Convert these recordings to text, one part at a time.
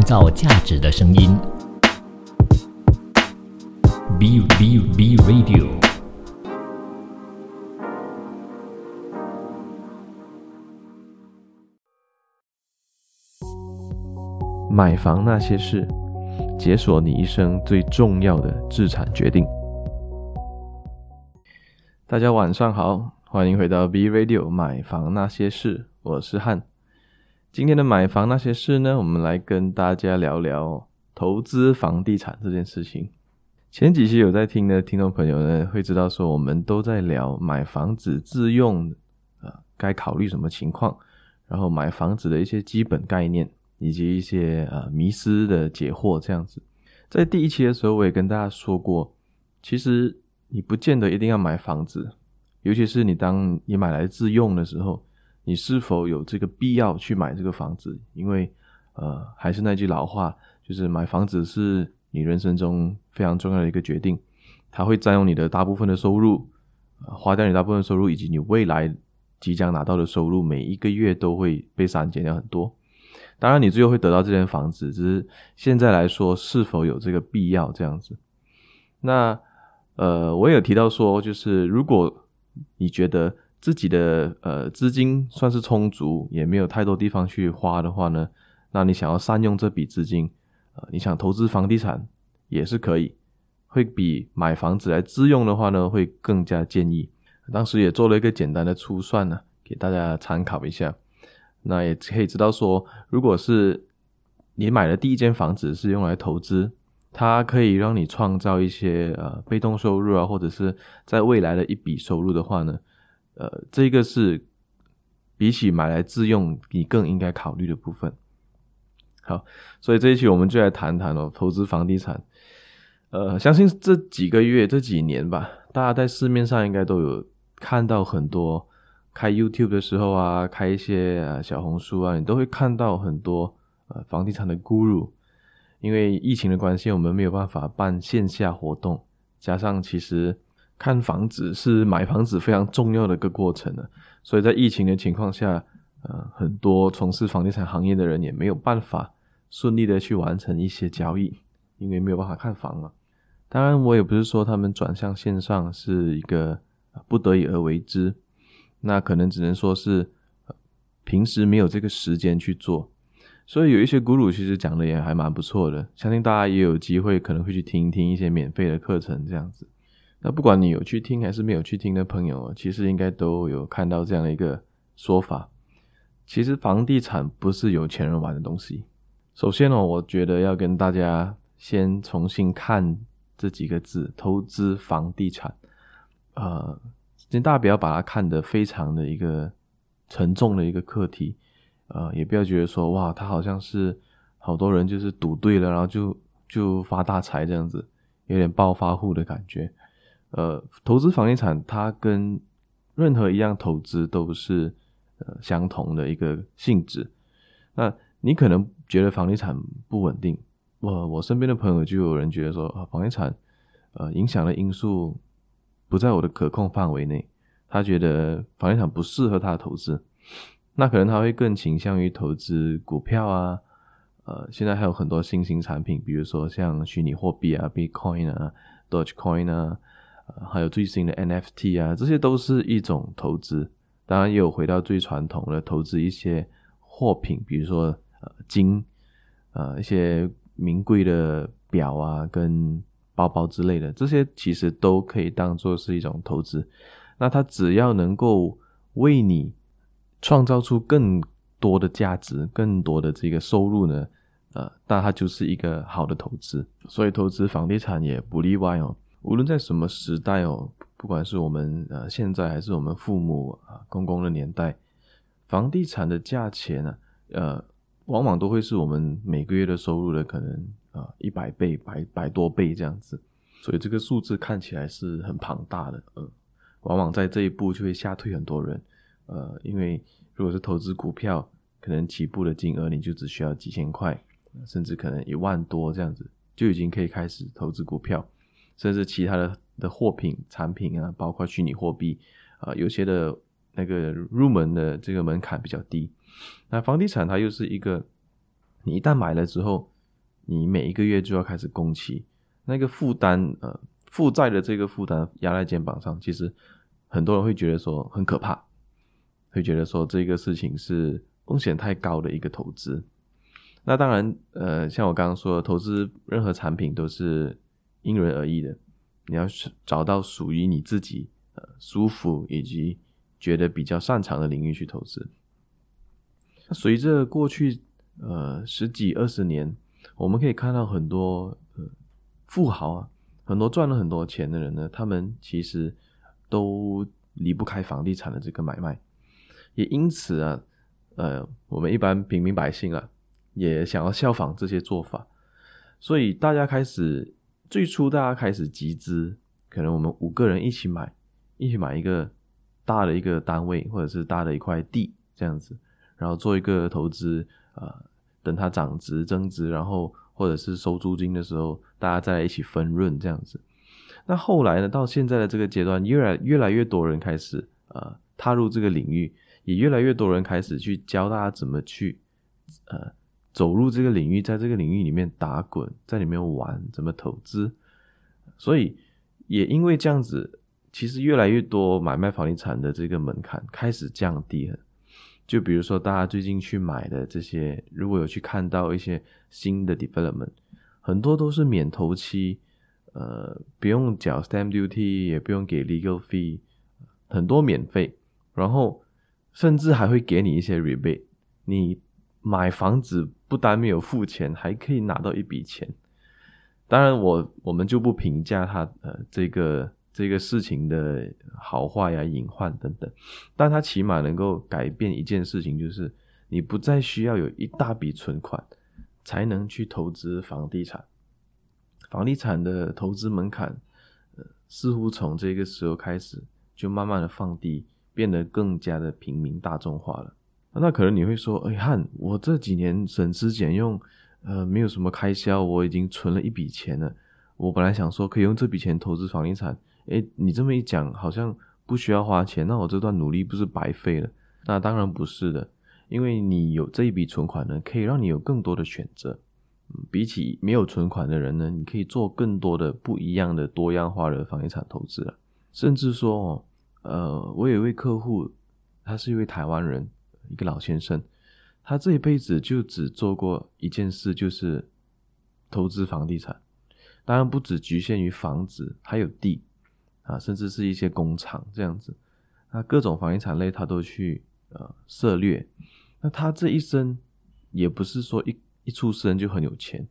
創造價值的聲音。B B B Radio。買房那些事，解鎖你一生最重要的資產決定。大家晚上好，歡迎回到 B Radio 買房那些事，我是漢。今天的買房那些事呢，我們來跟大家聊聊投資房地產這件事情。前幾期有在聽的聽眾朋友呢，會知道說我們都在聊買房子自用啊，該、呃、考慮什麼情況，然後買房子的一些基本概念以及一些呃迷思的解惑這樣子。在第一期的時候，我也跟大家說過，其實你不見得一定要買房子，尤其是你當你買來自用的時候。你是否有這個必要去買這個房子？因為，呃，還是那句老話，就是買房子是你人生中非常重要的一個決定。它會佔用你的大部分的收入，花掉你大部分收入，以及你未來即將拿到的收入，每一個月都會被刪減掉很多。當然，你最後會得到這間房子，只是現在來說是否有這個必要這樣子？那，呃，我也有提到說，就是如果你覺得。自己的呃資金算是充足，也沒有太多地方去花的話呢，那你想要善用這筆資金，呃，你想投資房地產也是可以，會比買房子來自用的話呢，會更加建議。當時也做了一個簡單的初算呢，啊，給大家參考一下。那也可以知道說，如果是你買的第一間房子是用來投資，它可以讓你創造一些呃被動收入啊，或者是在未來的一筆收入的話呢。呃，這個是比起買來自用，你更應該考慮的部分。好，所以這一期我們就來談談哦，投資房地產。呃，相信這幾個月，這幾年吧，大家在市面上應該都有看到很多開 YouTube 的時候啊，開一些啊小紅書啊，你都會看到很多呃房地產的 guru。因為疫情的關係，我們沒有辦法辦線下活動，加上其實。看房子是買房子非常重要的一個過程了，啊，所以在疫情的情況下，呃，很多從事房地產行業的人也沒有辦法順利的去完成一些交易，因為沒有辦法看房嘛。當然，我也不是說他們轉向線上是一個不得已而為之，那可能只能說是平時沒有這個時間去做。所以有一些 guru 其實講的也還蠻不錯的，相信大家也有機會可能會去聽一聽一些免費的課程這樣子。那不管你有去聽還是沒有去聽的朋友啊，其實應該都有看到這樣的一個說法。其實房地產不是有錢人玩的東西。首先呢，我覺得要跟大家先重新看這幾個字“投資房地產”。呃，大家不要把它看得非常的一個沉重的一個課題，呃，也不要覺得說哇，它好像是好多人就是賭對了，然後就就發大財這樣子，有點暴發戶的感覺。呃，投資房地產，它跟任何一樣投資都是呃相同的一個性質。那你可能覺得房地產不穩定，我我身邊的朋友就有人覺得說，房地產呃影響的因素不在我的可控範圍內，他覺得房地產不適合他的投資。那可能他會更傾向於投資股票啊，呃，現在還有很多新型產品，比如說像虛擬貨幣啊，Bitcoin 啊，Dogecoin 啊。還有最新的 NFT 啊，這些都是一種投資。當然，也有回到最傳統的投資一些貨品，比如說金，呃，一些名貴的表啊、跟包包之類的，這些其實都可以當做是一種投資。那它只要能夠為你創造出更多的價值、更多的這個收入呢，呃，那它就是一個好的投資。所以，投資房地產也不例外哦。無論在什麼時代哦，不管是我們呃現在還是我們父母啊、呃、公公的年代，房地產的價錢呢、啊，呃，往往都會是我們每個月的收入的可能啊、呃、一百倍、百百多倍這樣子，所以這個數字看起來是很龐大的。呃，往往在這一步就會嚇退很多人。呃，因為如果是投資股票，可能起步的金額你就只需要幾千塊，呃、甚至可能一萬多這樣子，就已經可以開始投資股票。甚至其他的的貨品、產品啊，包括虛擬貨幣啊，呃，有些的那個入門的這個門檻比較低。那房地產它又是一個，你一旦買了之後，你每一個月就要開始供期，那個負擔呃負債的這個負擔壓在肩膀上，其實很多人會覺得說很可怕，會覺得說這個事情是風險太高的一個投資。那當然，呃，像我剛剛說的，投資任何產品都是。因人而異的，你要找到屬於你自己呃舒服以及覺得比較擅長的領域去投資。那隨着過去呃十幾二十年，我們可以看到很多呃富豪啊，很多賺了很多錢的人呢，他們其實都離不開房地產的這個買賣。也因此啊，呃，我們一般平民百姓啊，也想要效仿這些做法，所以大家開始。最初大家開始集資，可能我們五個人一起買，一起買一個大的一個單位，或者是大的一塊地這樣子，然後做一個投資，呃，等它漲值增值，然後或者是收租金的時候，大家再來一起分潤這樣子。那後來呢，到現在的這個階段，越來越來越多人開始，呃，踏入這個領域，也越來越多人開始去教大家怎麼去，呃，走入這個領域，在這個領域裡面打滾，在裡面玩，怎麼投資？所以也因為這樣子，其實越來越多買賣房地產的這個門檻開始降低了。就比如說大家最近去買的這些，如果有去看到一些新的 development，很多都是免頭期，呃，不用繳 stamp duty，也不用給 legal fee，很多免費，然後甚至還會給你一些 rebate。你買房子。不單沒有付錢，還可以拿到一筆錢。當然我，我我們就不評價他呃這個這個事情的好壞呀、隱患等等，但他起碼能夠改變一件事情，就是你不再需要有一大筆存款才能去投資房地產，房地產的投資門檻呃似乎從這個時候開始就慢慢的放低，變得更加的平民大眾化了。那可能你會說：“哎，漢，我這幾年省吃儉用，呃，沒有什麼開銷，我已經存了一筆錢了。我本來想說可以用這筆錢投資房地產。哎，你這麼一講，好像不需要花錢，那我這段努力不是白費了？”那當然不是的，因為你有這一筆存款呢，可以讓你有更多的選擇。比起沒有存款的人呢，你可以做更多的不一樣的、多樣化的房地產投資了。甚至說哦，呃，我有一位客戶，他是一位台灣人。一個老先生，他這一輩子就只做過一件事，就是投資房地產。當然，不只局限於房子，還有地啊，甚至是一些工廠這樣子。那各種房地產類，他都去呃涉獵。那他這一生也不是說一一出生就很有錢，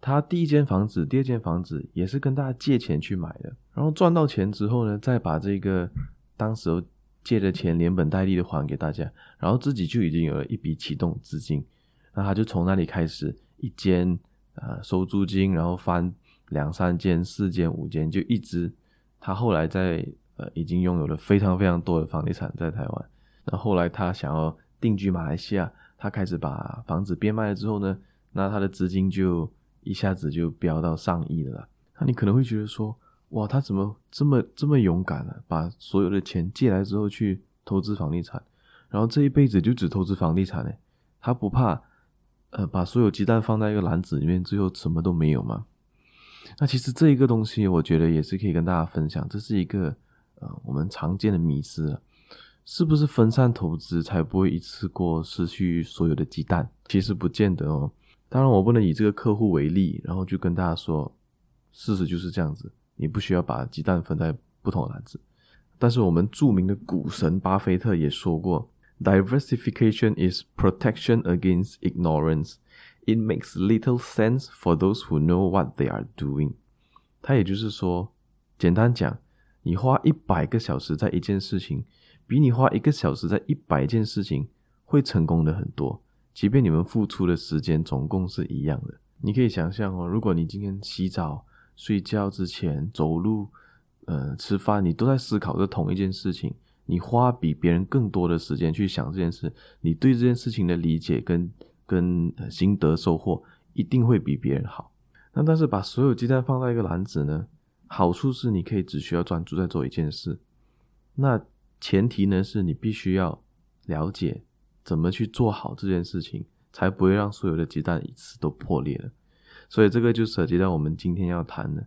他第一間房子、第二間房子也是跟大家借錢去買的。然後賺到錢之後呢，再把這個當時。借的錢連本帶利的還給大家，然後自己就已經有了一筆啟動資金，那他就從那裡開始一間啊、呃、收租金，然後翻兩三間、四間、五間，就一直他後來在呃已經擁有了非常非常多的房地產在台灣。那後來他想要定居馬來西亞，他開始把房子變賣了之後呢，那他的資金就一下子就飆到上億了啦。那你可能會覺得說。哇，他怎麼這麼這麼勇敢啊，把所有的錢借來之後去投資房地產，然後這一輩子就只投資房地產呢？他不怕呃把所有雞蛋放在一個籃子裡面，最後什麼都沒有嗎？那其實這一個東西，我覺得也是可以跟大家分享，這是一個呃我們常見的迷思啊，是不是分散投資才不會一次過失去所有的雞蛋？其實不見得哦。當然，我不能以這個客戶為例，然後就跟大家說，事實就是這樣子。你不需要把雞蛋分在不同的籃子，但是我們著名的股神巴菲特也說過：“Diversification is protection against ignorance. It makes little sense for those who know what they are doing.” 他也就是說，簡單講，你花一百個小時在一件事情，比你花一個小時在一百件事情會成功的很多，即便你們付出的時間總共是一樣的。你可以想象哦，如果你今天洗澡，睡覺之前、走路、呃、吃飯，你都在思考着同一件事情。你花比別人更多的時間去想這件事，你對這件事情的理解跟跟心得收穫一定會比別人好。那但是把所有雞蛋放在一個籃子呢？好處是你可以只需要專注在做一件事。那前提呢，是你必須要了解怎麼去做好這件事情，才不會讓所有的雞蛋一次都破裂了。所以這個就涉及到我們今天要談的，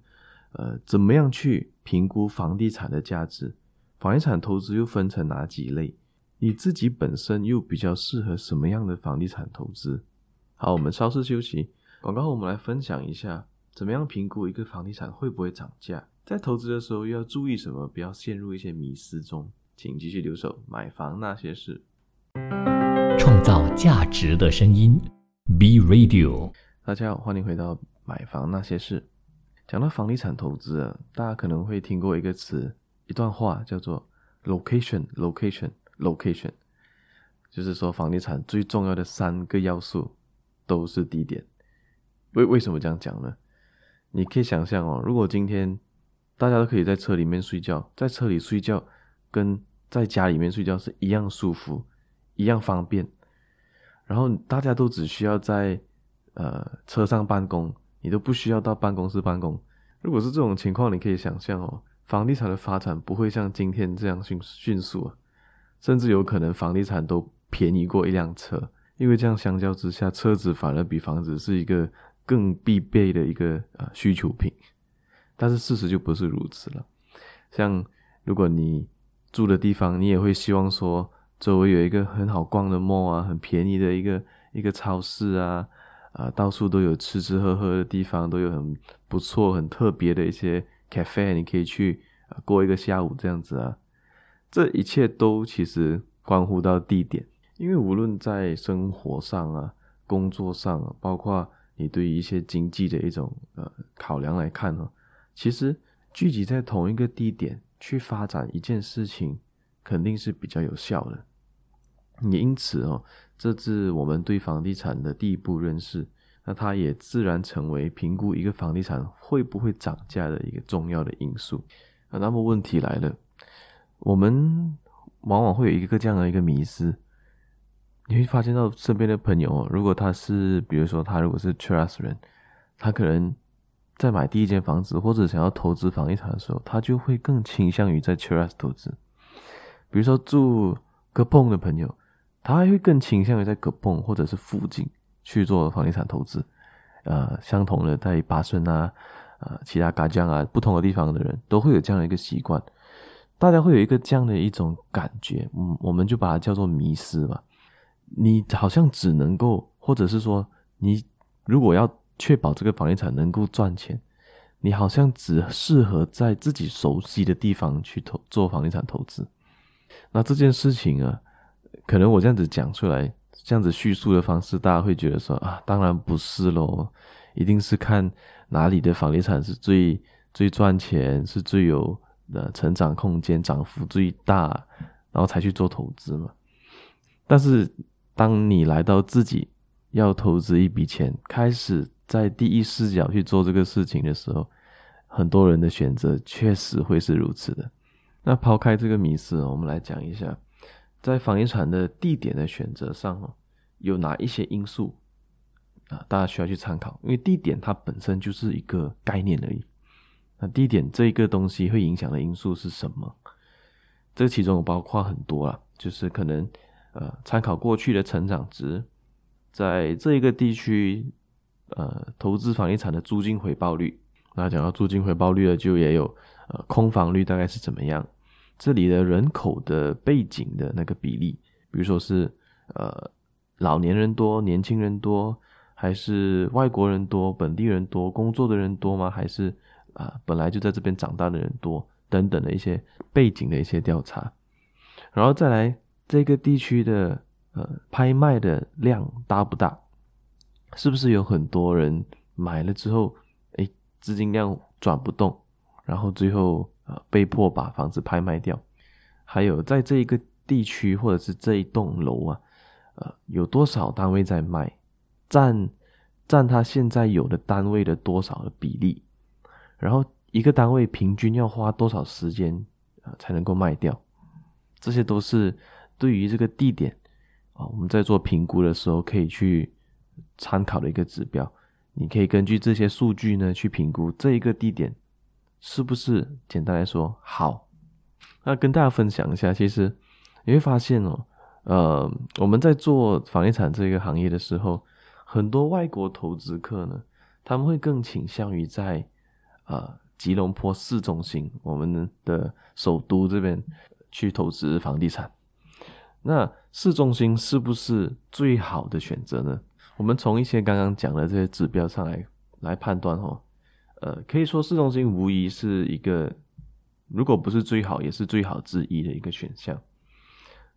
呃，怎麼樣去評估房地產的價值？房地產投資又分成哪幾類？你自己本身又比較適合什麼樣的房地產投資？好，我們稍事休息。廣告後，我們來分享一下，怎麼樣評估一個房地產會不會漲價？在投資的時候又要注意什麼？不要陷入一些迷思中。請繼續留守，買房那些事，創造價值的聲音，Be Radio。大家好，歡迎回到買房那些事。講到房地產投資啊，大家可能會聽過一個詞，一段話，叫做 “location, location, location”，就是說房地產最重要的三個要素都是地點。為為什麼這樣講呢？你可以想象哦，如果今天大家都可以在車裡面睡覺，在車裡睡覺跟在家裡面睡覺是一樣舒服，一樣方便。然後大家都只需要在呃，車上辦公，你都不需要到辦公室辦公。如果是這種情況，你可以想象哦，房地產的發展不會像今天這樣迅迅速啊，甚至有可能房地產都便宜過一輛車，因為這樣相較之下，車子反而比房子是一個更必備的一個，呃，需求品。但是事實就不是如此了。像如果你住的地方，你也會希望說，周圍有一個很好逛的 mall 啊，很便宜的一個一個超市啊。啊，到處都有吃吃喝喝的地方，都有很不錯、很特別的一些 cafe，你可以去、啊、過一個下午這樣子啊。這一切都其實關乎到地點，因為無論在生活上啊、工作上、啊，包括你對於一些經濟的一種呃考量，來看呢、啊，其實聚集在同一個地點去發展一件事情，肯定是比較有效的。你因此哦、啊。這是我們對房地產的第一步認識，那它也自然成為評估一個房地產會不會漲價的一個重要的因素。啊，那麼問題來了，我們往往會有一個這樣的一個迷思，你會發現到身邊的朋友哦，如果他是比如說他如果是 Cheras 人，他可能在買第一間房子或者想要投資房地產的時候，他就會更傾向於在 Cheras 投資，比如說住 Kepong 的朋友。他還會更傾向於在格蓬或者是附近去做房地產投資，呃，相同的在巴生啊，呃，其他嘎江啊，不同的地方的人都會有這樣的一個習慣，大家會有一個這樣的一種感覺，嗯，我們就把它叫做迷思吧。你好像只能夠，或者是說，你如果要確保這個房地產能夠賺錢，你好像只適合在自己熟悉的地方去投做房地產投資。那這件事情啊。可能我這樣子講出來，這樣子敘述的方式，大家會覺得說啊，當然不是咯，一定是看哪裡的房地產是最最賺錢，是最有呃成長空間，漲幅最大，然後才去做投資嘛。但是當你來到自己要投資一筆錢，開始在第一視角去做這個事情的時候，很多人的選擇確實會是如此的。那拋開這個迷思，我們來講一下。在房地產的地點的選擇上，有哪一些因素啊？大家需要去參考，因為地點它本身就是一個概念而已。那地點這個東西會影響的因素是什麼？這其中包括很多啊，就是可能呃，參考過去的成長值，在這個地區呃，投資房地產的租金回報率。那講到租金回報率的就也有呃，空房率大概是怎麼樣？這裡的人口的背景的那個比例，比如說是呃老年人多，年輕人多，還是外國人多、本地人多、工作的人多嗎？還是啊、呃、本來就在這邊長大的人多等等的一些背景的一些調查，然後再來這個地區的呃拍賣的量大不大？是不是有很多人買了之後，哎資金量轉不動，然後最後。呃，被迫把房子拍賣掉，還有在這一個地區或者是這一棟樓啊，呃，有多少單位在賣，占占他現在有的單位的多少的比例，然後一個單位平均要花多少時間啊才能夠賣掉，這些都是對於這個地點啊，我們在做評估的時候可以去參考的一個指標。你可以根據這些數據呢去評估這一個地點。是不是簡單來說好？那跟大家分享一下，其實你會發現哦，呃，我們在做房地產這個行業的時候，很多外國投資客呢，他們會更傾向於在呃吉隆坡市中心，我們的首都這邊去投資房地產。那市中心是不是最好的選擇呢？我們從一些剛剛講的這些指標上來來判斷哦。呃，可以說市中心無疑是一個，如果不是最好，也是最好之一的一個選項。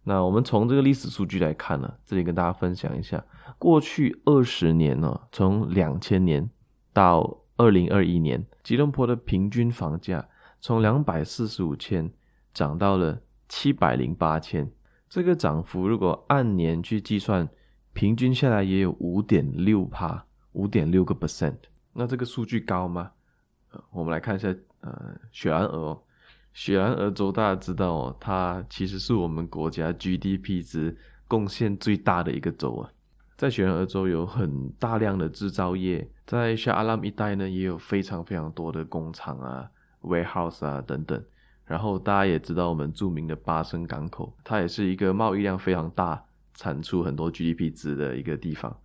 那我們從這個歷史數據來看呢，這裡跟大家分享一下，過去二十年呢、哦，從兩千年到二零二一年，吉隆坡的平均房價從兩百四十五千漲到了七百零八千，這個漲幅如果按年去計算，平均下來也有五點六趴，五點六個 percent。那這個數據高嗎？呃，我們來看一下，呃，雪蘭莪、哦，雪蘭莪州大家知道、哦，它其實是我們國家 GDP 值貢獻最大的一個州啊。在雪蘭莪州有很大量的製造業，在沙阿蘭一帶呢，也有非常非常多的工廠啊、warehouse 啊等等。然後大家也知道我們著名的巴生港口，它也是一個貿易量非常大、產出很多 GDP 值的一個地方。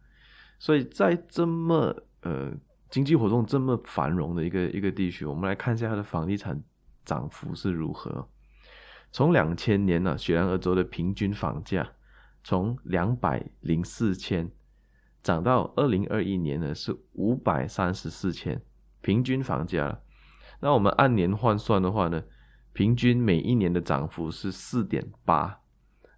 所以在這麼呃。經濟活動這麼繁榮的一個一個地區，我們來看一下它的房地產漲幅是如何？從兩千年呢，啊，雪蘭莪州的平均房價從兩百零四千漲到二零二一年呢是五百三十四千平均房價了。那我們按年換算的話呢，平均每一年的漲幅是四點八。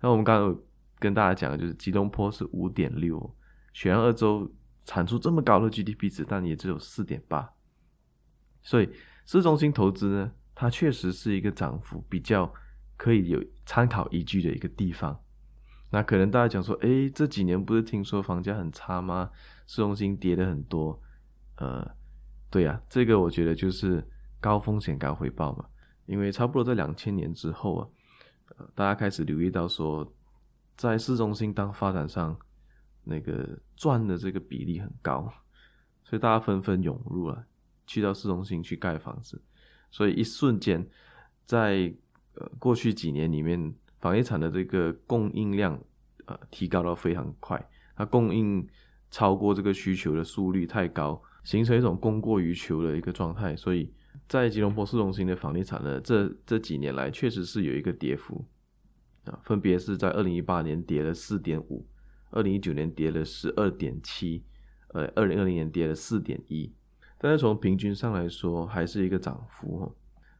那我們剛剛跟大家講的就是吉隆坡是五點六，雪蘭莪州，產出這麼高的 GDP 值，但也只有四點八，所以市中心投資呢，它確實是一個漲幅比較可以有參考依據的一個地方。那可能大家講說，誒，這幾年不是聽說房價很差嗎？市中心跌得很多，呃，對啊，這個我覺得就是高風險高回報嘛，因為差不多在兩千年之後啊，呃，大家開始留意到說，在市中心當發展商。那個賺的這個比例很高，所以大家紛紛湧入啊，去到市中心去蓋房子，所以一瞬間，在呃過去幾年裡面，房地產的這個供應量呃提高到非常快，它供應超過這個需求的速率太高，形成一種供過於求的一個狀態，所以在吉隆坡市中心的房地產呢，這這幾年來確實是有一個跌幅，啊，分別是在二零一八年跌了四點五。二零一九年跌了十二點七，呃，二零二零年跌了四點一，但是從平均上來說還是一個漲幅。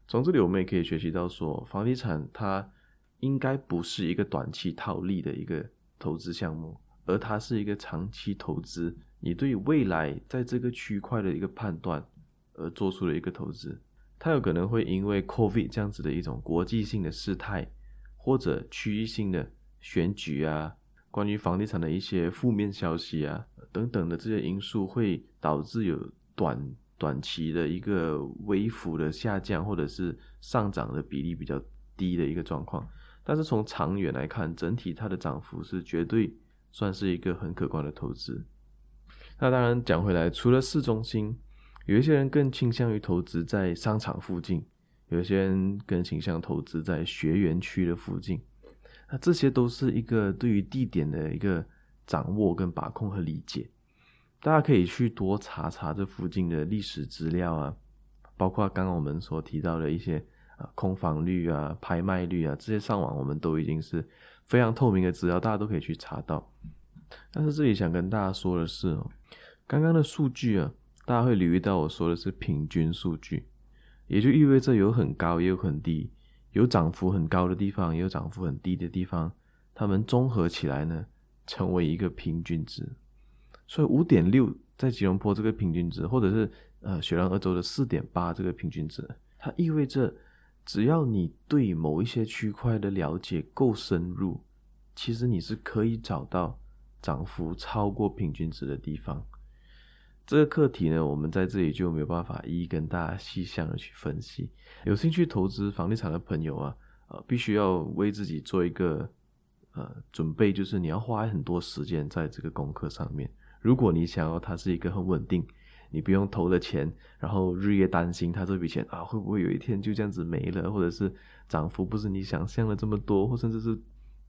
從這裡我們也可以學習到說，房地產它應該不是一個短期套利的一個投資項目，而它是一個長期投資。你對未來在這個區塊的一個判斷而做出的一個投資，它有可能會因為 COVID 這樣子的一種國際性的事態，或者區域性的選舉啊。關於房地產的一些負面消息啊，等等的這些因素，會導致有短短期的一個微幅的下降，或者是上漲的比例比較低的一個狀況。但是從長遠來看，整體它的漲幅是絕對算是一個很可觀的投資。那當然講回來，除了市中心，有一些人更傾向於投資在商場附近，有一些人更傾向投資在學園區的附近。那這些都是一個對於地點的一個掌握跟把控和理解，大家可以去多查查，這附近的歷史資料啊，包括剛剛我們所提到的一些啊空房率啊、拍賣率啊，這些上網我們都已經是非常透明的資料，大家都可以去查到。但是這裡想跟大家說的是哦，剛剛的數據啊，大家會留意到我說的是平均數據，也就意味着有很高，也有很低。有漲幅很高的地方，也有漲幅很低的地方，它們綜合起來呢，成為一個平均值。所以五點六在吉隆坡這個平均值，或者是，呃，雪蘭莪州的四點八這個平均值，它意味着只要你對某一些區塊的了解夠深入，其實你是可以找到漲幅超過平均值的地方。這個課題呢，我們在這裡就沒有辦法一一跟大家細項的去分析。有興趣投資房地產的朋友啊，呃，必須要為自己做一個呃準備，就是你要花很多時間在這個功課上面。如果你想要它是一個很穩定，你不用投的錢，然後日夜擔心它這筆錢啊會不會有一天就這樣子沒了，或者是漲幅不是你想象的這麼多，或甚至是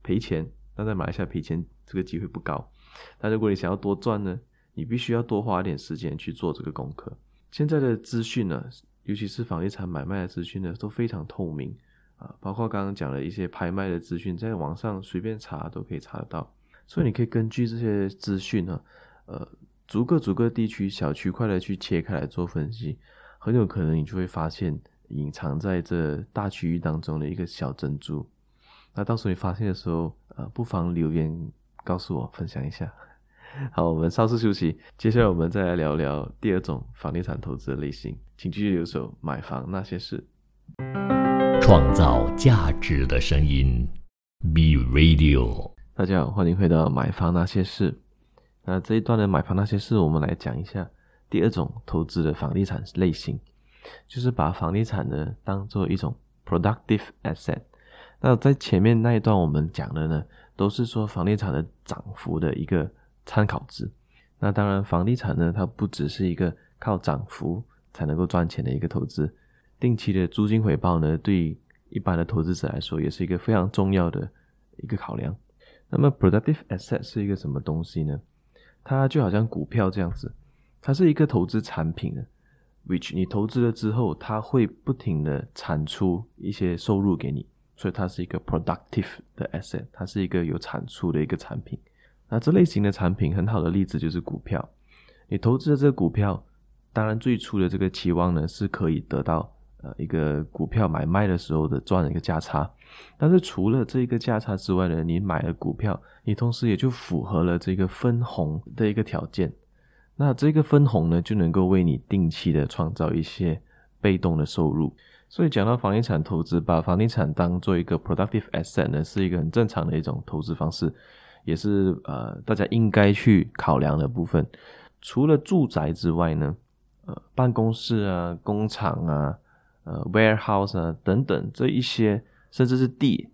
賠錢。那在馬來西亞賠錢這個機會不高。但如果你想要多賺呢？你必須要多花一點時間去做這個功課。現在的資訊呢，尤其是房地產買賣的資訊呢，都非常透明啊，包括剛剛講的一些拍賣的資訊，在網上隨便查都可以查得到。所以你可以根據這些資訊呢，呃，逐個逐個地區、小區塊的去切開來做分析，很有可能你就會發現隱藏在這大區域當中的一個小珍珠。那到時候你發現的時候，呃，不妨留言告訴我，分享一下。好，我們稍事休息，接下來我們再來聊聊第二種房地產投資的類型，請繼續留守《買房那些事》，創造價值的聲音，Be Radio。大家好，歡迎回到《買房那些事》。那這一段的《買房那些事》，我們來講一下第二種投資的房地產類型，就是把房地產呢當做一種 productive asset。那在前面那一段我們講的呢，都是說房地產的漲幅的一個參考值。那當然，房地產呢，它不只是一個靠漲幅才能夠賺錢的一個投資，定期的租金回報呢，對於一般的投資者來說，也是一個非常重要的一個考量。那麼，productive asset 是一個什麼東西呢？它就好像股票這樣子，它是一個投資產品，which 你投資了之後，它會不停的產出一些收入給你，所以它是一個 productive 的 asset，它是一個有產出的一個產品。那這類型的產品，很好的例子就是股票。你投資的這個股票，當然最初的這個期望呢，是可以得到呃一個股票買賣的時候的賺的一個價差。但是除了這個價差之外呢，你買了股票，你同時也就符合了這個分紅的一個條件。那這個分紅呢，就能夠為你定期的創造一些被動的收入。所以講到房地產投資，把房地產當做一個 productive asset 呢，是一個很正常的一種投資方式。也是呃，大家應該去考量的部分。除了住宅之外呢，呃，辦公室啊、工廠啊、呃，warehouse 啊等等這一些，甚至是地，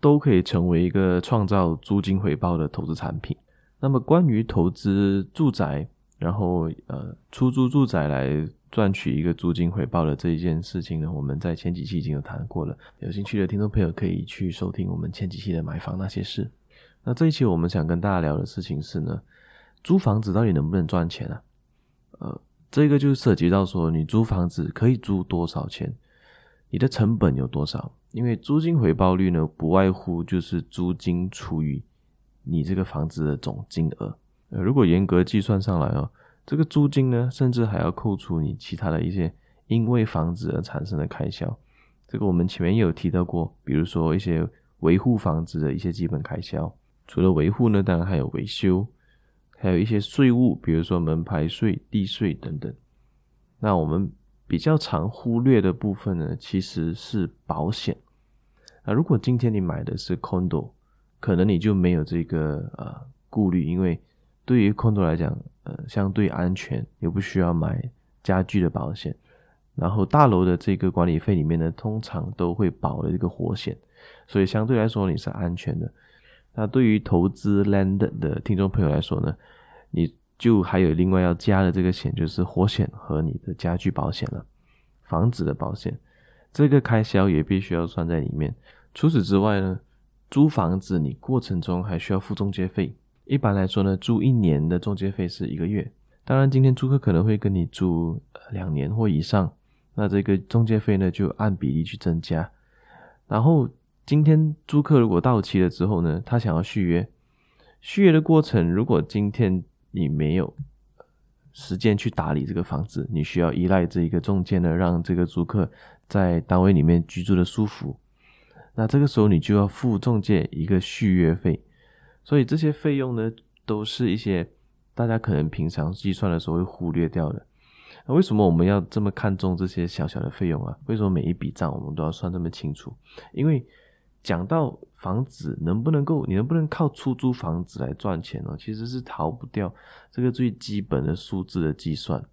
都可以成為一個創造租金回報的投資產品。那麼關於投資住宅，然後呃，出租住宅來賺取一個租金回報的這一件事情呢，我們在前幾期已經有談過了。有興趣的聽眾朋友可以去收聽我們前幾期的《買房那些事》。那這一期我們想跟大家聊的事情是呢，租房子到底能不能賺錢啊？呃，這個就涉及到說，你租房子可以租多少錢，你的成本有多少？因為租金回報率呢，不外乎就是租金除以你這個房子的總金額。呃，如果嚴格計算上來哦，這個租金呢，甚至還要扣除你其他的一些因為房子而產生的開銷。這個我們前面也有提到過，比如說一些維護房子的一些基本開銷。除了維護呢，當然還有維修，還有一些稅務，比如說門牌稅、地稅等等。那我們比較常忽略的部分呢，其實是保險。啊，如果今天你買的是 condo，可能你就沒有這個呃顧慮，因為對於 condo 來講，呃，相對安全，也不需要買家具的保險。然後大樓的這個管理費裡面呢，通常都會保了一個火險，所以相對來說你是安全的。那對於投資 land 的聽眾朋友來說呢，你就還有另外要加的這個險，就是火險和你的家具保險了，房子的保險，這個開銷也必須要算在裡面。除此之外呢，租房子你過程中還需要付中介費，一般來說呢，租一年的中介費是一個月，當然今天租客可能會跟你租兩年或以上，那這個中介費呢就按比例去增加，然後。今天租客如果到期了之後呢，他想要續約，續約的過程如果今天你沒有時間去打理這個房子，你需要依賴這一個中介呢，讓這個租客在單位裡面居住的舒服。那這個時候你就要付中介一個續約費，所以這些費用呢，都是一些大家可能平常計算的時候會忽略掉的。那為什麼我們要這麼看重這些小小的費用啊？為什麼每一筆賬我們都要算這麼清楚？因為講到房子能不能夠，你能不能靠出租房子來賺錢呢？哦？其實是逃不掉這個最基本的數字的計算。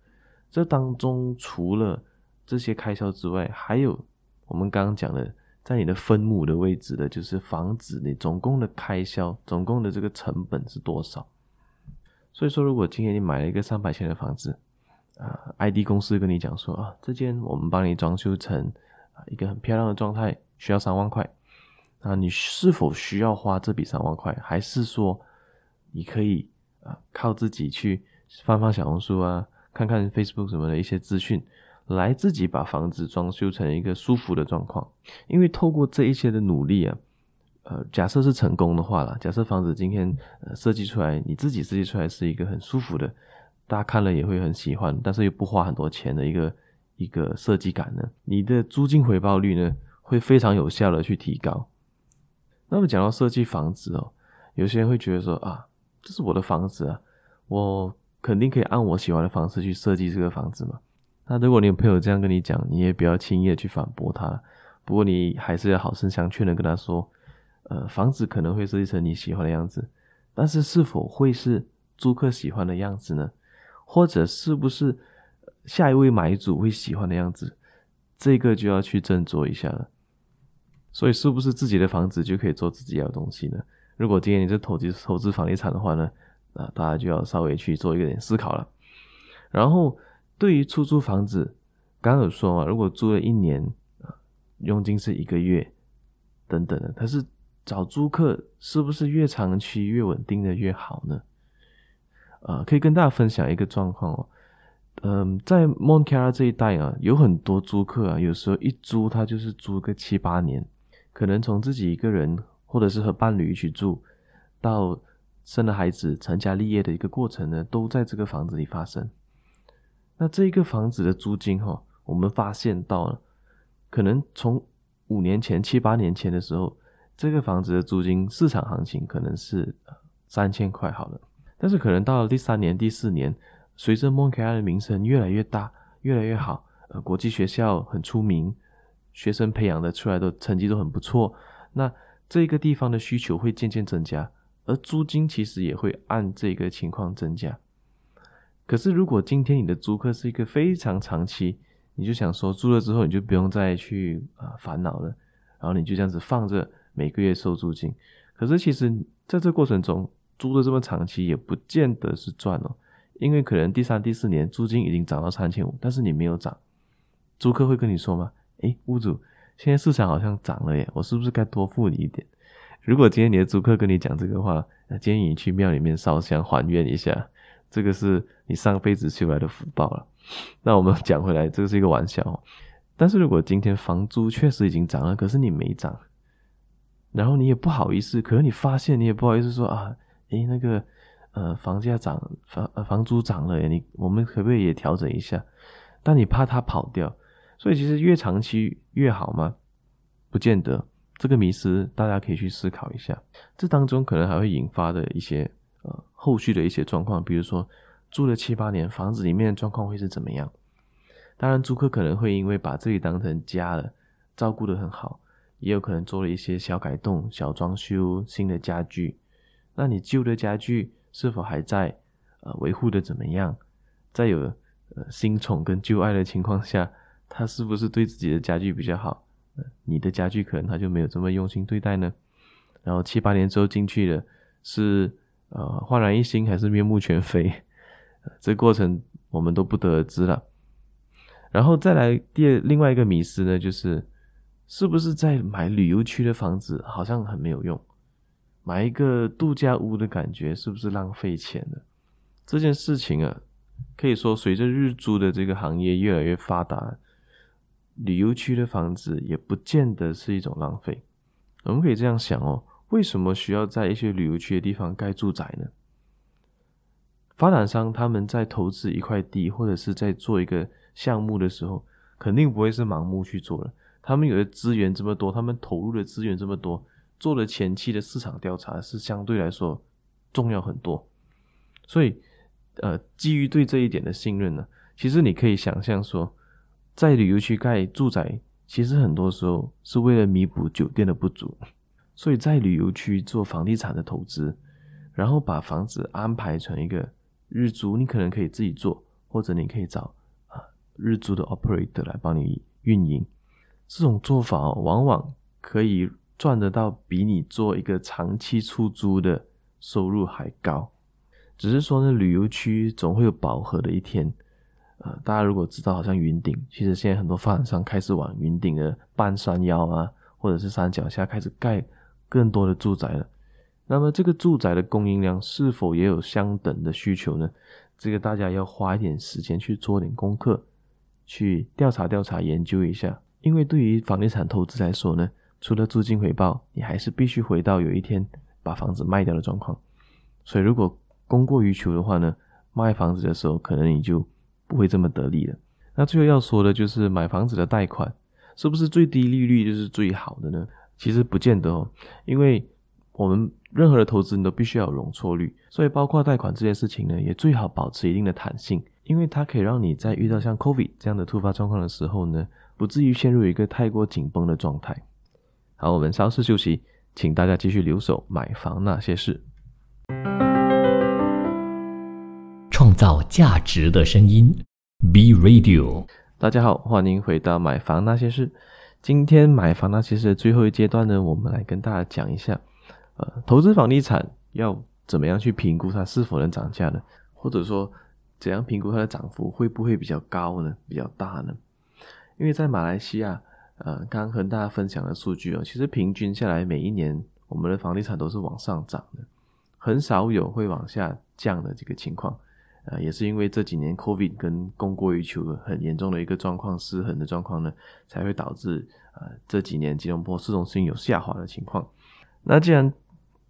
這當中除了這些開銷之外，還有我們剛剛講的，在你的分母的位置的，就是房子你總共的開銷，總共的這個成本是多少？所以說，如果今天你買了一個三百千的房子，啊，ID 公司跟你講說啊，這間我們幫你裝修成啊一個很漂亮的狀態，需要三萬塊。那、啊、你是否需要花這筆三萬塊，還是說，你可以啊靠自己去翻翻小紅書啊，看看 Facebook 什麼的一些資訊，來自己把房子裝修成一個舒服的狀況？因為透過這一些的努力啊，呃，假設是成功的話啦，假設房子今天、呃、設計出來，你自己設計出來是一個很舒服的，大家看了也會很喜歡，但是又不花很多錢的一個一個設計感呢，你的租金回報率呢，會非常有效的去提高。那麼講到設計房子哦，有些人會覺得說啊，這是我的房子啊，我肯定可以按我喜歡的方式去設計這個房子嘛。那如果你有朋友這樣跟你講，你也不要輕易的去反駁他，不過你還是要好聲相勸的跟他說，呃，房子可能會設計成你喜歡的樣子，但是是否會是租客喜歡的樣子呢？或者是不是下一位買主會喜歡的樣子？這個就要去斟酌一下了。所以是不是自己的房子就可以做自己要的東西呢？如果今天你是投資投資房地產的話呢，啊，大家就要稍微去做一個點思考了。然後對於出租房子，剛有說嘛、啊，如果租了一年啊，佣金是一個月等等的，但是找租客是不是越長期越穩定的越好呢？呃，可以跟大家分享一個狀況哦，嗯、呃，在 Mont Kiara 這一帶啊，有很多租客啊，有時候一租他就是租個七八年。可能從自己一個人，或者是和伴侶一起住，到生了孩子，成家立業的一個過程呢，都在這個房子裡發生。那這個房子的租金哈，哦，我們發現到了，可能從五年前，七八年前的時候，這個房子的租金市場行情可能是三千塊好了，但是可能到了第三年、第四年，隨着 Mont Kiara 的名聲越來越大，越來越好，呃，國際學校很出名。學生培養的出來的成績都很不錯，那這個地方的需求會漸漸增加，而租金其實也會按這個情況增加。可是，如果今天你的租客是一個非常長期，你就想說租了之後你就不用再去啊煩惱了，然後你就這樣子放着，每個月收租金。可是其實在這過程中租的這麼長期也不見得是賺哦，因為可能第三、第四年租金已經漲到三千五，但是你沒有漲，租客會跟你說嗎？誒，屋主，現在市場好像漲了耶，我是不是該多付你一點？如果今天你的租客跟你講這個話，那建議你去廟裡面燒香還願一下，這個是你上輩子修來的福報了。那我們講回來，這個是一個玩笑。但是如果今天房租確實已經漲了，可是你沒漲，然後你也不好意思，可是你發現你也不好意思說啊，誒，那個，呃，房價漲，房房租漲了耶，你我們可不可以也調整一下？但你怕它跑掉。所以其實越長期越好嗎？不見得，這個迷思大家可以去思考一下。這當中可能還會引發的一些呃後續的一些狀況，比如說住了七八年，房子裡面的狀況會是怎麼樣？當然，租客可能會因為把這裡當成家了，照顧得很好，也有可能做了一些小改動、小裝修、新的家具。那你舊的家具是否還在？呃，維護的怎麼樣？在有呃新寵跟舊愛的情況下。他是不是對自己的家具比較好？你的家具可能他就沒有這麼用心對待呢。然後七八年之後進去了，是呃煥然一新還是面目全非？這過程我們都不得而知了。然後再來第二，另外一個迷思呢，就是是不是在買旅遊區的房子好像很沒有用，買一個度假屋的感覺是不是浪費錢呢？這件事情啊，可以說隨着日租的這個行業越來越發達。旅遊區的房子也不見得是一種浪費，我們可以這樣想哦，為什麼需要在一些旅遊區的地方蓋住宅呢？發展商他們在投資一塊地或者是在做一個項目的時候，肯定不會是盲目去做的。他們有的資源這麼多，他們投入的資源這麼多，做了前期的市場調查是相對來說重要很多。所以，呃，基於對這一點的信任呢啊，其實你可以想象說。在旅遊區蓋住宅，其實很多時候是為了彌補酒店的不足，所以在旅遊區做房地產的投資，然後把房子安排成一個日租，你可能可以自己做，或者你可以找啊日租的 operator 來幫你運營。這種做法往往可以賺得到比你做一個長期出租的收入還高，只是說呢，旅遊區總會有飽和的一天。呃，大家如果知道，好像雲頂，其實現在很多發展商開始往雲頂的半山腰啊，或者是山腳下開始蓋更多的住宅了。那麼這個住宅的供應量是否也有相等的需求呢？這個大家要花一點時間去做點功課，去調查調查、研究一下。因為對於房地產投資來說呢，除了租金回報，你還是必須回到有一天把房子賣掉的狀況。所以如果供過於求的話呢，賣房子的時候可能你就。不會這麼得利的。那最後要說的就是買房子的貸款，是不是最低利率就是最好的呢？其實不見得哦，因為我們任何的投資你都必須要有容錯率，所以包括貸款這件事情呢，也最好保持一定的彈性，因為它可以讓你在遇到像 COVID 這樣的突發狀況的時候呢，不至於陷入一個太過緊繃的狀態。好，我們稍事休息，請大家繼續留守買房那些事。造價值的聲音，Be Radio。大家好，歡迎回到買房那些事。今天買房那些事的最後一階段呢，我們來跟大家講一下，呃，投資房地產要怎麼樣去評估它是否能漲價呢？或者說，怎樣評估它的漲幅會不會比較高呢？比較大呢？因為在馬來西亞，呃，剛和大家分享的數據哦，其實平均下來每一年我們的房地產都是往上漲的，很少有會往下降的這個情況。呃，也是因為這幾年 COVID 跟供過於求的很嚴重的一個狀況，失衡的狀況呢，才會導致呃這幾年吉隆坡市中心有下滑的情況。那既然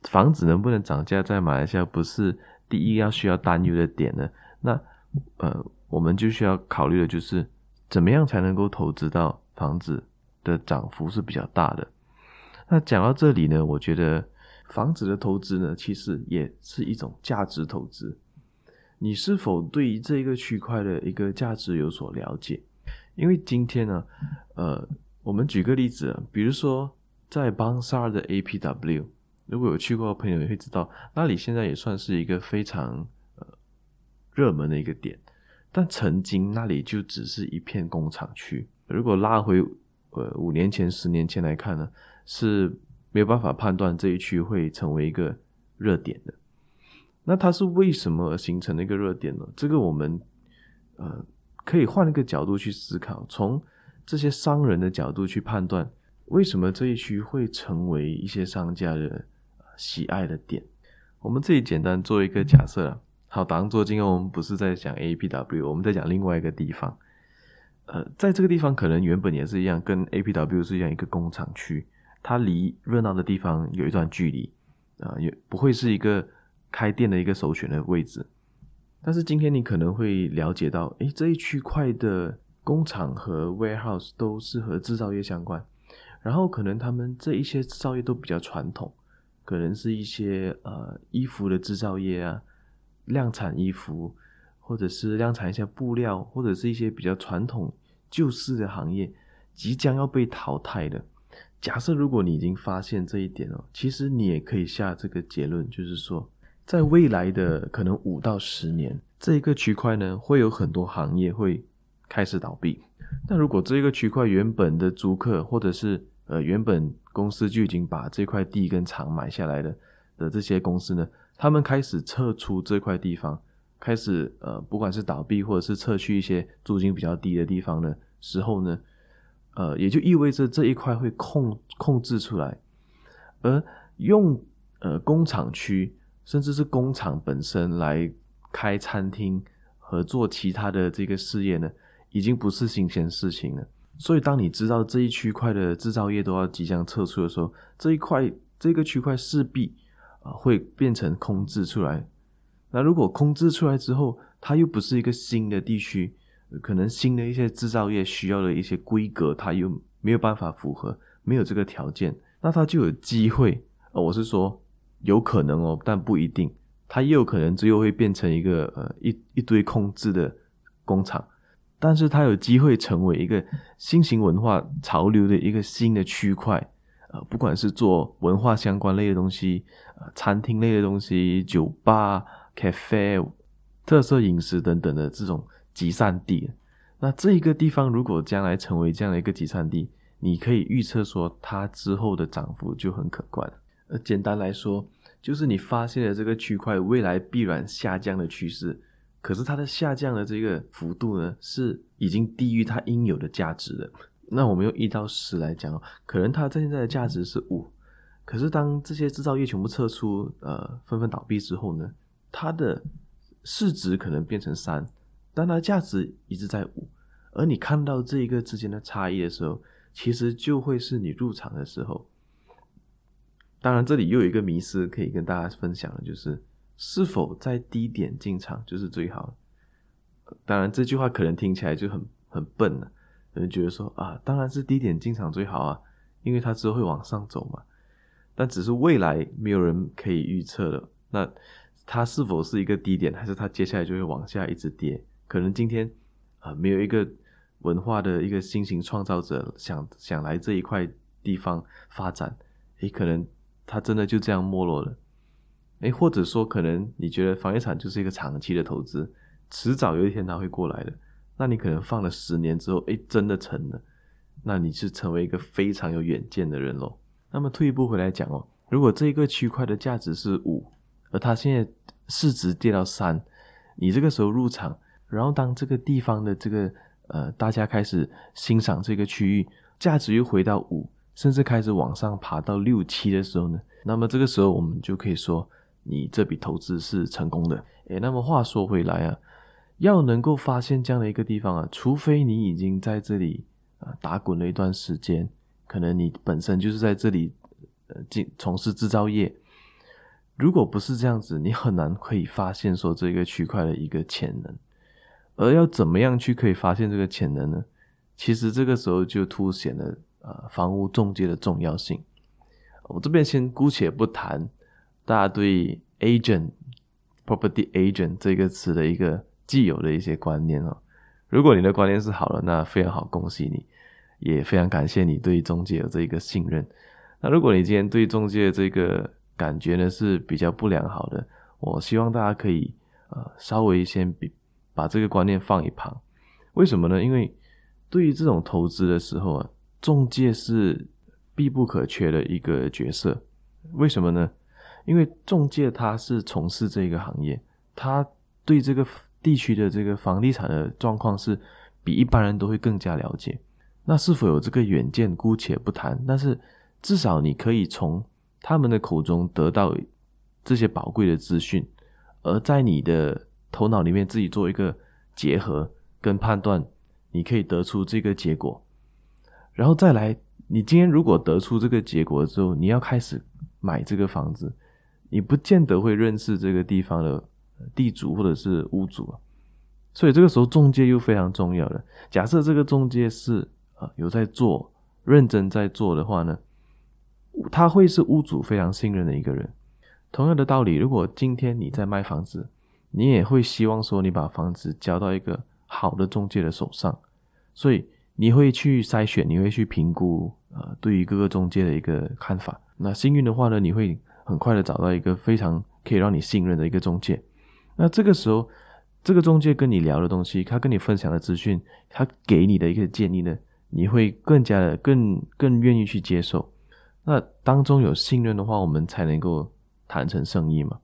房子能不能漲價，在馬來西亞不是第一要需要擔憂的點呢，那呃我們就需要考慮的就是怎麼樣才能夠投資到房子的漲幅是比較大的。那講到這裡呢，我覺得房子的投資呢，其實也是一種價值投資。你是否對於這一個區塊的一個價值有所了解？因為今天呢，呃，我們舉個例子啊，比如說在 Bangsar 的 APW，如果有去過的朋友也會知道，那裡現在也算是一個非常呃熱門的一個點，但曾經那裡就只是一片工廠區。如果拉回呃五年前、十年前來看呢，是沒有辦法判斷這一區會成為一個熱點的。那它是為什麼而形成的一個熱點呢？這個我們呃可以換一個角度去思考，從這些商人的角度去判斷，為什麼這一區會成為一些商家的喜愛的點？我們自己簡單做一個假設。好，當做今天我們不是在講 APW，我們在講另外一個地方。呃，在這個地方可能原本也是一樣，跟 APW 是一樣一個工廠區，它離熱鬧的地方有一段距離啊，也、呃、不會是一個。開店的一個首選的位置，但是今天你可能會了解到，誒，這一區塊的工廠和 warehouse 都是和制造業相關，然後可能他們這一些制造業都比較傳統，可能是一些呃衣服的制造業啊，量產衣服，或者是量產一些布料，或者是一些比較傳統舊式的行業，即將要被淘汰的。假設如果你已經發現這一點哦，其實你也可以下這個結論，就是說。在未來的可能五到十年，這一個區塊呢，會有很多行業會開始倒閉。那如果這個區塊原本的租客，或者是呃原本公司就已經把這塊地跟廠買下來的的這些公司呢，他們開始撤出這塊地方，開始呃不管是倒閉或者是撤去一些租金比較低的地方呢，時候呢，呃也就意味着這一塊會控控制出來，而用呃工廠區。甚至是工廠本身來開餐廳和做其他的這個事業呢，已經不是新鮮事情了。所以，當你知道這一區塊的製造業都要即將撤出的時候，這一塊這個區塊勢必啊、呃、會變成空置出來。那如果空置出來之後，它又不是一個新的地區、呃，可能新的一些製造業需要的一些規格，它又沒有辦法符合，沒有這個條件，那它就有機會。啊、呃，我是說。有可能哦，但不一定。它也有可能最後會變成一個呃一一堆空置的工廠，但是它有機會成為一個新型文化潮流的一個新的區塊，呃，不管是做文化相關類的東西，呃，餐廳類的東西、酒吧、cafe、特色飲食等等的這種集散地。那這一個地方如果將來成為這樣的一個集散地，你可以預測說它之後的漲幅就很可觀。呃，簡單來說，就是你發現了這個區塊未來必然下降的趨勢，可是它的下降的這個幅度呢，是已經低於它應有的價值的。那我們用一到十來講，可能它在現在的價值是五，可是當這些制造業全部撤出，呃，紛紛倒閉之後呢，它的市值可能變成三，但它價值一直在五，而你看到這一個之間的差異的時候，其實就會是你入場的時候。當然，這裡又有一個迷思，可以跟大家分享的，就是是否在低點進場就是最好。當然，這句話可能聽起來就很很笨了，有人覺得說，啊，當然是低點進場最好啊，因為它之後會往上走嘛。但只是未來沒有人可以預測的，那它是否是一個低點，還是它接下來就會往下一直跌？可能今天啊，沒有一個文化的一個新型創造者想想來這一塊地方發展，也可能。它真的就這樣沒落了，誒，或者說可能你覺得房地產就是一個長期的投資，遲早有一天它會過來的，那你可能放了十年之後，誒，真的成了，那你是成為一個非常有遠見的人咯。那麼退一步回來講哦，如果這個區塊的價值是五，而它現在市值跌到三，你這個時候入場，然後當這個地方的這個呃大家開始欣賞這個區域，價值又回到五。甚至開始往上爬到六七的時候呢，那麼這個時候我們就可以說你這筆投資是成功的。誒，那麼話說回來啊，要能夠發現這樣的一個地方啊，除非你已經在這裡啊打滾了一段時間，可能你本身就是在這裡呃進從事製造業，如果不是這樣子，你很難可以發現說這個區塊的一個潛能。而要怎麼樣去可以發現這個潛能呢？其實這個時候就凸顯了。呃，房屋中介的重要性，我這邊先姑且不談。大家對 agent property agent 這個詞的一個既有的一些觀念哦，如果你的觀念是好的，那非常好，恭喜你，也非常感謝你對中介有這一個信任。那如果你今天對中介這個感覺呢是比較不良好的，我希望大家可以呃稍微先比把這個觀念放一旁。為什麼呢？因為對於這種投資的時候啊。中介是必不可缺的一個角色，為什麼呢？因為中介他是從事這個行業，他對這個地區的這個房地產的狀況是比一般人都會更加了解。那是否有這個遠見，姑且不談，但是至少你可以從他們的口中得到這些寶貴的資訊，而在你的頭腦裡面自己做一個結合跟判斷，你可以得出這個結果。然後再來，你今天如果得出這個結果之後，你要開始買這個房子，你不見得會認識這個地方的地主或者是屋主，所以這個時候中介又非常重要了。假設這個中介是啊有在做，認真在做的話呢，他會是屋主非常信任的一個人。同樣的道理，如果今天你在賣房子，你也會希望說你把房子交到一個好的中介的手上，所以。你會去篩選，你會去評估，呃，對於各個中介的一個看法。那幸運的話呢，你會很快的找到一個非常可以讓你信任的一個中介。那這個時候，這個中介跟你聊的東西，他跟你分享的資訊，他給你的一個建議呢，你會更加的更更願意去接受。那當中有信任的話，我們才能夠談成生意嘛。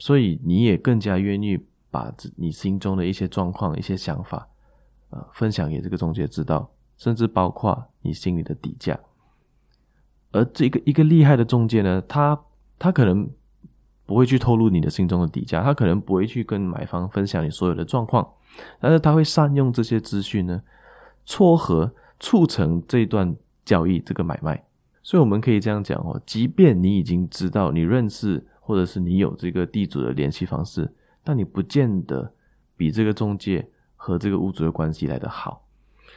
所以你也更加願意把你心中的一些狀況、一些想法。呃，分享給這個中介知道，甚至包括你心裡的底價。而這個一個厲害的中介呢，他他可能不會去透露你的心中的底價，他可能不會去跟買方分享你所有的狀況，但是他會善用這些資訊呢，撮合促成這段交易這個買賣。所以我們可以這樣講哦，即便你已經知道你認識或者是你有這個地主的聯繫方式，但你不見得比這個中介。和這個屋主的關係來得好，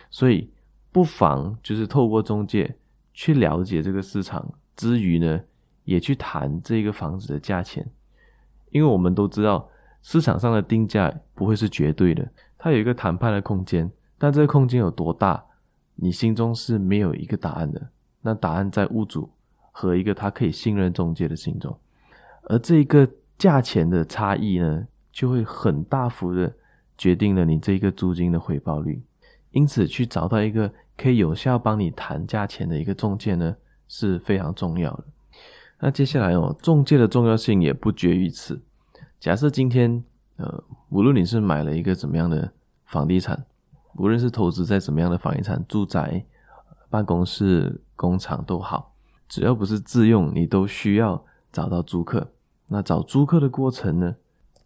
所以不妨就是透過中介去了解這個市場之餘呢，也去談這個房子的價錢，因為我們都知道市場上的定價不會是絕對的，它有一個談判的空間，但這個空間有多大，你心中是沒有一個答案的。那答案在屋主和一個他可以信任中介的心中，而這個價錢的差異呢，就會很大幅的。決定了你這個租金的回報率，因此去找到一個可以有效幫你談價錢的一個中介呢，是非常重要的。那接下來哦，中介的重要性也不絕於此。假設今天呃，無論你是買了一個怎麼樣的房地產，無論是投資在什麼樣的房地產，住宅、辦公室、工廠都好，只要不是自用，你都需要找到租客。那找租客的過程呢，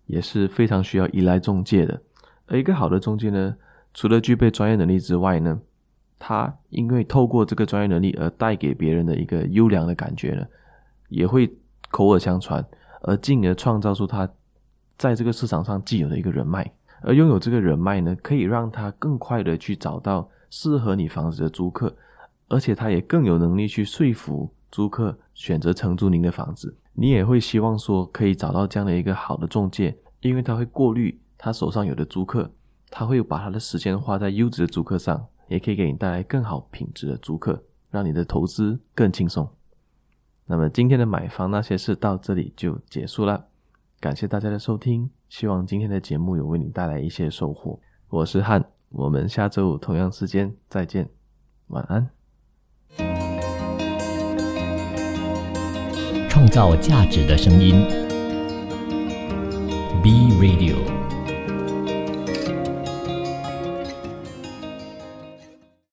也是非常需要依賴中介的。而一個好的中介呢，除了具備專業能力之外呢，他因為透過這個專業能力而帶給別人的一個優良的感覺呢，也會口耳相傳，而進而創造出他在這個市場上既有的一個人脈。而擁有這個人脈呢，可以讓他更快的去找到適合你房子的租客，而且他也更有能力去說服租客選擇承租您的房子。你也會希望說可以找到這樣的一個好的中介，因為他會過濾。他手上有的租客，他會把他的時間花在優質的租客上，也可以給你帶來更好品質的租客，讓你的投資更輕鬆。那麼今天的買房那些事到這裡就結束了，感謝大家的收聽，希望今天的節目有為你帶來一些收穫。我是漢，我們下周五同樣時間再見，晚安。創造價值的聲音，B Radio。